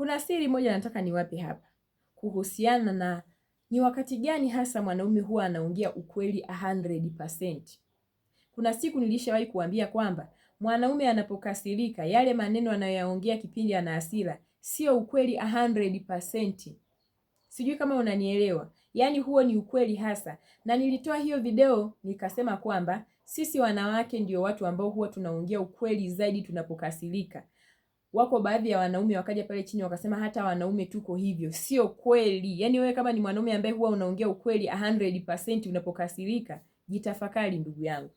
Kuna siri moja nataka niwape hapa kuhusiana na ni wakati gani hasa mwanaume huwa anaongea ukweli 100%. Kuna siku nilishawahi kuambia kwamba mwanaume anapokasirika yale maneno anayoyaongea kipindi ana hasira sio ukweli 100%. Sijui kama unanielewa, yaani huo ni ukweli hasa, na nilitoa hiyo video nikasema kwamba sisi wanawake ndio watu ambao huwa tunaongea ukweli zaidi tunapokasirika wako baadhi ya wanaume wakaja pale chini wakasema hata wanaume tuko hivyo. Sio kweli. Yaani wewe kama ni mwanaume ambaye huwa unaongea ukweli 100% unapokasirika, jitafakari ndugu yangu.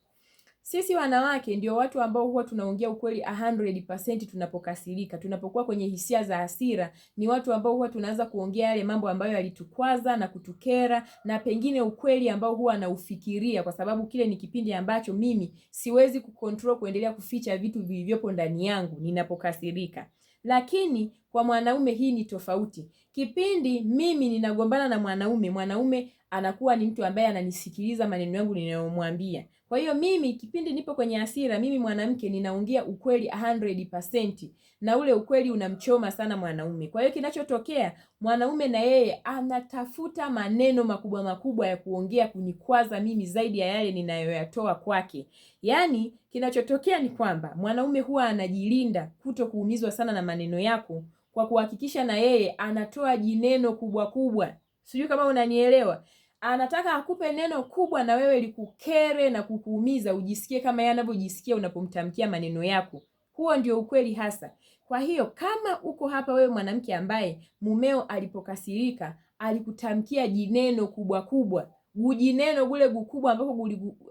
Sisi wanawake ndio watu ambao huwa tunaongea ukweli 100% tunapokasirika, tunapokuwa kwenye hisia za hasira, ni watu ambao huwa tunaanza kuongea yale mambo ambayo yalitukwaza na kutukera na pengine ukweli ambao huwa naufikiria, kwa sababu kile ni kipindi ambacho mimi siwezi kukontrol kuendelea kuficha vitu vilivyopo ndani yangu ninapokasirika. Lakini kwa mwanaume hii ni tofauti. Kipindi mimi ninagombana na mwanaume, mwanaume anakuwa ni mtu ambaye ananisikiliza maneno yangu ninayomwambia. Kwa hiyo mimi kipindi nipo kwenye hasira, mimi mwanamke ninaongea ukweli 100% na ule ukweli unamchoma sana mwanaume. Kwa hiyo kinachotokea mwanaume na yeye anatafuta maneno makubwa makubwa ya kuongea kunikwaza mimi zaidi ya yale ninayoyatoa kwake. Yaani kinachotokea ni kwamba mwanaume huwa anajilinda kuto kuumizwa sana na maneno yako kwa kuhakikisha na yeye anatoa jineno kubwa kubwa. Sijui kama unanielewa anataka akupe neno kubwa na wewe likukere na kukuumiza, ujisikie kama yeye anavyojisikia unapomtamkia maneno yako. Huo ndio ukweli hasa. Kwa hiyo kama uko hapa wewe mwanamke ambaye mumeo alipokasirika alikutamkia jineno kubwa kubwa gujineno gule gukubwa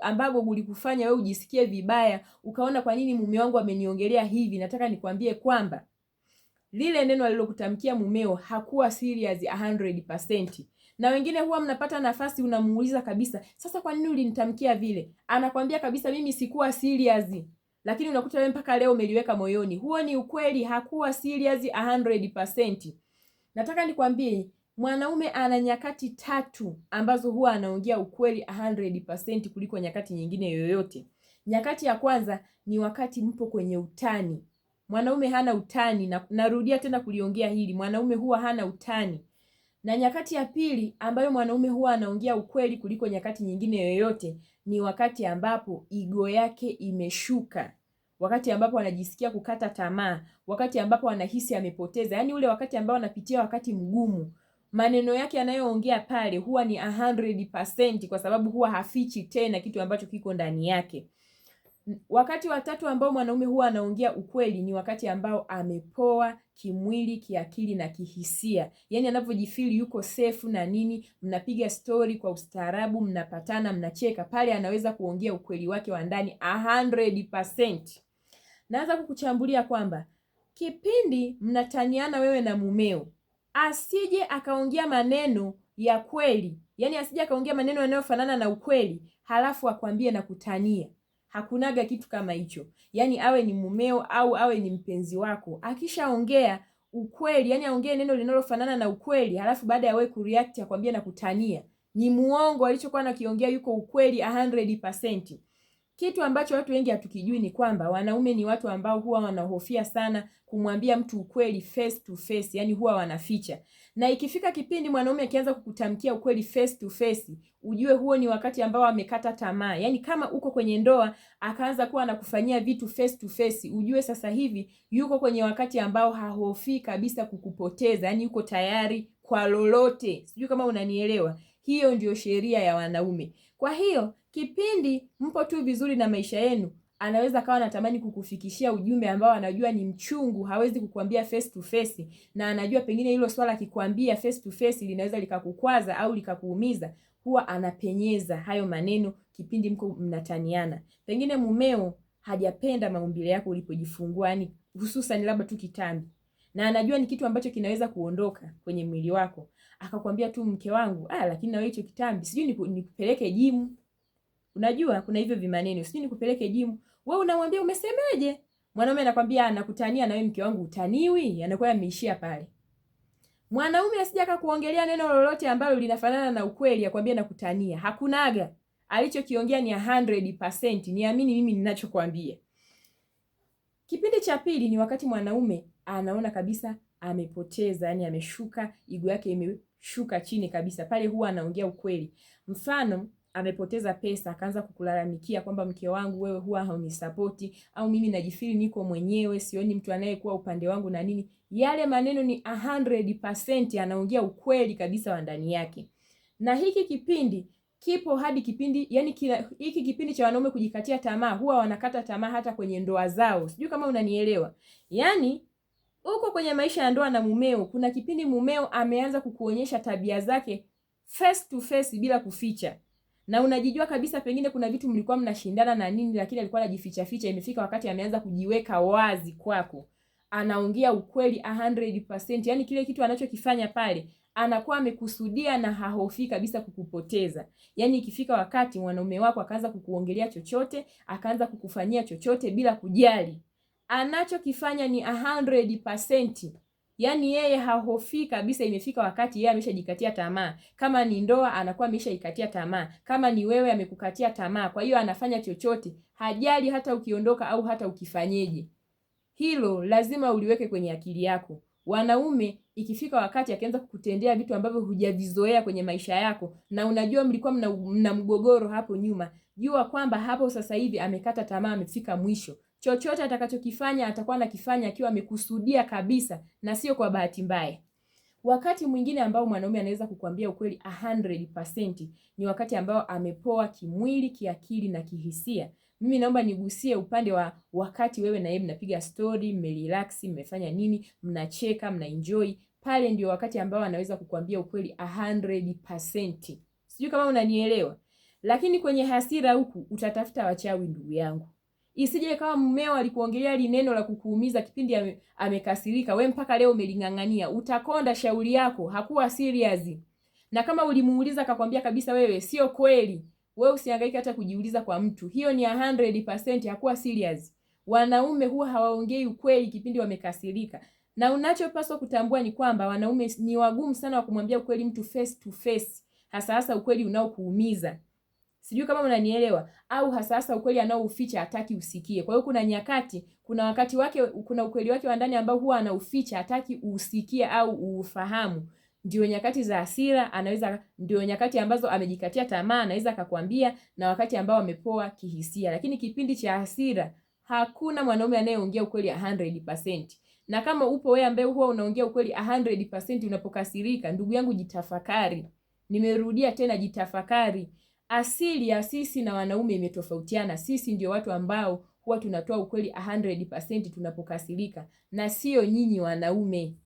ambapo gulikufanya wewe ujisikie vibaya, ukaona kwa nini mume wangu ameniongelea hivi. Nataka nikwambie kwamba lile neno alilokutamkia mumeo hakuwa serious 100% na wengine huwa mnapata nafasi unamuuliza kabisa, sasa kwa nini ulinitamkia vile? Anakwambia kabisa, mimi sikuwa serious, lakini unakuta wewe mpaka leo umeliweka moyoni. Huo ni ukweli, hakuwa serious 100%. Nataka nikwambie mwanaume ana nyakati tatu ambazo huwa anaongea ukweli 100% kuliko nyakati nyingine yoyote. Nyakati ya kwanza ni wakati mpo kwenye utani. Mwanaume hana utani na, narudia tena kuliongea hili, mwanaume huwa hana utani. Na nyakati ya pili ambayo mwanaume huwa anaongea ukweli kuliko nyakati nyingine yoyote ni wakati ambapo igo yake imeshuka, wakati ambapo anajisikia kukata tamaa, wakati ambapo anahisi amepoteza, yaani ule wakati ambao anapitia wakati mgumu. Maneno yake anayoongea pale huwa ni 100% kwa sababu huwa hafichi tena kitu ambacho kiko ndani yake. Wakati wa tatu ambao mwanaume huwa anaongea ukweli ni wakati ambao amepoa kimwili, kiakili na kihisia, yaani anapojifili yuko sefu na nini, mnapiga stori kwa ustaarabu, mnapatana, mnacheka, pale anaweza kuongea ukweli wake wa ndani 100%. Naanza kukuchambulia kwamba kipindi mnataniana wewe na mumeo, asije akaongea maneno ya kweli, yaani asije akaongea maneno yanayofanana na ukweli halafu akwambie na kutania hakunaga kitu kama hicho. Yaani awe ni mumeo au awe ni mpenzi wako, akishaongea ukweli, yani aongee neno linalofanana na ukweli, halafu baada ya wewe kureact akwambia kutania ni muongo, alichokuwa nakiongea yuko ukweli 100%. Kitu ambacho watu wengi hatukijui ni kwamba wanaume ni watu ambao huwa wanahofia sana kumwambia mtu ukweli face to face, yani huwa wanaficha. Na ikifika kipindi mwanaume akianza kukutamkia ukweli face to face, ujue huo ni wakati ambao amekata tamaa. Yani kama uko kwenye ndoa akaanza kuwa anakufanyia vitu face to face, ujue sasa hivi yuko kwenye wakati ambao hahofii kabisa kukupoteza, yani yuko tayari kwa lolote. Sijui kama unanielewa. Hiyo ndiyo sheria ya wanaume. Kwa hiyo kipindi mpo tu vizuri na maisha yenu, anaweza kawa anatamani kukufikishia ujumbe ambao anajua ni mchungu, hawezi kukuambia face to face, na anajua pengine hilo swala akikwambia face to face linaweza likakukwaza au likakuumiza. Huwa anapenyeza hayo maneno kipindi mko mnataniana. Pengine mumeo hajapenda maumbile yako ulipojifungua, yani hususan labda tu kitambi na anajua ni kitu ambacho kinaweza kuondoka kwenye mwili wako, akakwambia tu mke wangu, ah, lakini na wewe hicho kitambi sijui ni nikupeleke jimu. Unajua kuna hivyo vimaneno, sijui nikupeleke jimu. Wewe unamwambia umesemeje? Mwanaume anakwambia anakutania, na wewe mke wangu utaniwi, anakuwa ameishia pale. Mwanaume asija akakuongelea neno lolote ambalo linafanana na ukweli, akwambia nakutania, hakunaga. Alichokiongea ni 100%, niamini mimi ninachokwambia. Kipindi cha pili ni wakati mwanaume anaona kabisa amepoteza, yani ameshuka, igo yake imeshuka chini kabisa. Pale huwa anaongea ukweli. Mfano, amepoteza pesa akaanza kukulalamikia kwamba mke wangu, wewe huwa haunisapoti, au mimi najifili niko mwenyewe, sioni mtu anayekuwa upande wangu na nini. Yale maneno ni 100% anaongea ukweli kabisa wa ndani yake, na hiki kipindi kipo hadi kipindi yani kila, hiki kipindi cha wanaume kujikatia tamaa, huwa wanakata tamaa hata kwenye ndoa zao. Sijui kama unanielewa. Yani uko kwenye maisha ya ndoa na mumeo, kuna kipindi mumeo ameanza kukuonyesha tabia zake face to face bila kuficha, na unajijua kabisa, pengine kuna vitu mlikuwa mnashindana na nini, lakini alikuwa anajificha ficha. Imefika wakati ameanza kujiweka wazi kwako, anaongea ukweli 100%. Yani kile kitu anachokifanya pale anakuwa amekusudia na hahofi kabisa kukupoteza. Yani ikifika wakati mwanaume wako akaanza kukuongelea chochote, akaanza kukufanyia chochote bila kujali, anachokifanya ni 100%. Yani yeye hahofi kabisa. Imefika wakati yeye ameshajikatia tamaa, kama ni ndoa anakuwa ameshaikatia tamaa, kama ni wewe amekukatia tamaa. Kwa hiyo anafanya chochote, hajali hata ukiondoka au hata ukifanyeje. Hilo lazima uliweke kwenye akili yako. Wanaume ikifika wakati akianza kukutendea vitu ambavyo hujavizoea kwenye maisha yako na unajua mlikuwa mna, mna mgogoro hapo nyuma, jua kwamba hapo sasa hivi amekata tamaa, amefika mwisho. Chochote atakachokifanya atakuwa anakifanya akiwa amekusudia kabisa na sio kwa bahati mbaya. Wakati mwingine ambao mwanaume anaweza kukwambia ukweli 100% ni wakati ambao amepoa kimwili, kiakili na kihisia. Mimi naomba nigusie upande wa wakati wewe na yeye mnapiga story, mmerelax, mmefanya nini, mnacheka, mnaenjoy. Pale ndio wakati ambao anaweza kukuambia ukweli 100%. Sijui kama unanielewa. Lakini kwenye hasira huku utatafuta wachawi, ndugu yangu. Isije kama mmeo alikuongelea li neno la kukuumiza kipindi ame, amekasirika, we mpaka leo umeling'ang'ania, utakonda shauri yako, hakuwa serious. Na kama ulimuuliza akakwambia kabisa wewe sio kweli, We usihangaike hata kujiuliza kwa mtu, hiyo ni 100% hakuwa serious. Wanaume huwa hawaongei ukweli kipindi wamekasirika, na unachopaswa kutambua ni kwamba wanaume ni wagumu sana wa kumwambia ukweli mtu face to face, hasa hasa ukweli unaokuumiza. Sijui kama unanielewa au hasa hasa ukweli anaouficha hataki usikie. Kwa hiyo kuna nyakati, kuna wakati wake, kuna ukweli wake wa ndani ambao huwa anauficha hataki usikie au ufahamu ndio nyakati za hasira anaweza, ndio nyakati ambazo amejikatia tamaa anaweza akakwambia, na wakati ambao amepoa kihisia. Lakini kipindi cha hasira hakuna mwanaume anayeongea ukweli 100%. Na kama upo wewe ambaye huwa unaongea ukweli 100% unapokasirika, ndugu yangu, jitafakari. Nimerudia tena, jitafakari. Asili ya sisi na wanaume imetofautiana. Sisi ndio watu ambao huwa tunatoa ukweli 100% tunapokasirika, na sio nyinyi wanaume.